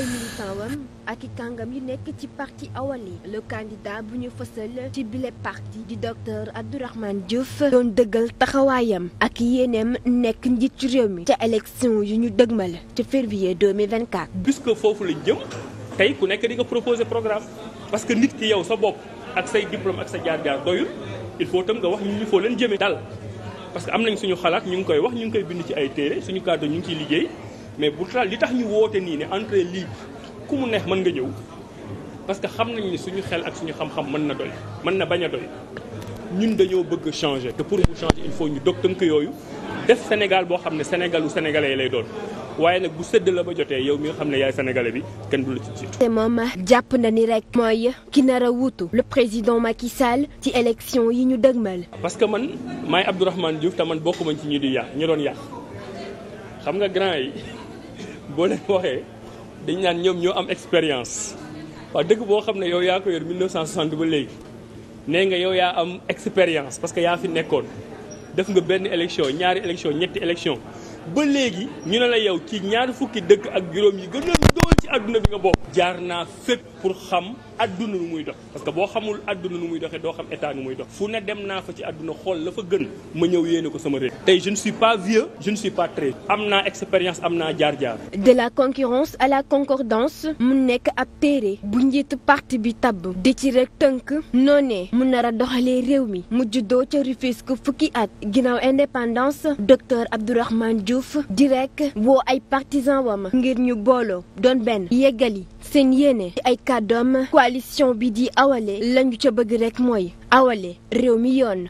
ay militant kàngam yu nekk ci parti awali le candidat bu ñu fësal ci bile parti di docteur Abdourahmane Diouf doon dëggal taxawaayam ak yéeneem nekk njiit ci réew mi ca élection yu ñu dëgmal ca février 2024. puisque foofu lañ jëm tey ku nekk di proposé proposer programme parce que nit ki yow sa bopp ak say diplôme ak sa jaar-jaar doyul il faut tam nga wax ñu ñu foo leen jëmee. dal parce que am nañ suñu xalaat ñu ngi koy wax ñu ngi koy bind ci ay téere suñu kàddu ñu ngi ciy liggéey. mais bu li tax ñu woote nii ne entrée libre ku mu neex mën nga ñëw parce que xam nañ ni suñu xel ak suñu xam-xam mën na doy mën na bañ a doy ñun dañoo bëgg changer te pour mu changer il faut ñu dog tënk yooyu def Sénégal boo xam ne Sénégalu sénégalais lay doon waaye nag bu sedd la ba jotee yow mi nga xam ne yaay sénégalais bi kenn du la ci jiitu. te moom jàpp na ni rek. mooy ki nar a wuutu. le président Macky Sall. ci élection yi ñu dëgmal. parce que man maay Abdourahmane Diouf te man bokkuma ci ñi di yàq ñu doon yàq boo leen waxee dañ naan ñoom ñoo am expérience waa dëkk boo xam ne yow yaa ko yor 1960 ba léegi nee nga yow yaa am expérience parce que yaa fi nekkoon def nga benn élection ñaari élection ñetti élection ba léegi ñu ne la yow ci ñaar fukki dëkk ak juróom yi gën a dool ci àdduna bi nga bokk jaar naa fépp pour xam adduna nu muy dox parce que boo xamul adduna nu muy doxee doo xam état nu muy dox fu ne dem naa fa ci adduna xool la fa gën ma ñëw yéene ko sama réew. tey je ne suis pas vieux je ne suis pas très am na expérience am naa jaar-jaar. de la concurrence à la concordance mu nekk ab téere bu njiit parti bi tabb di ci rek tënk noonee mu nar a doxalee réew mi mu juddoo ca Rufisque fukki at ginnaaw indépendance docteur Abdourahmane Diouf di rek woo ay partisans wam ngir ñu booloo doon benn yeggali seen yéene ay. kàddoom coalition bi di awale lañu ca bëgg rekk mooy awale réew mi yoon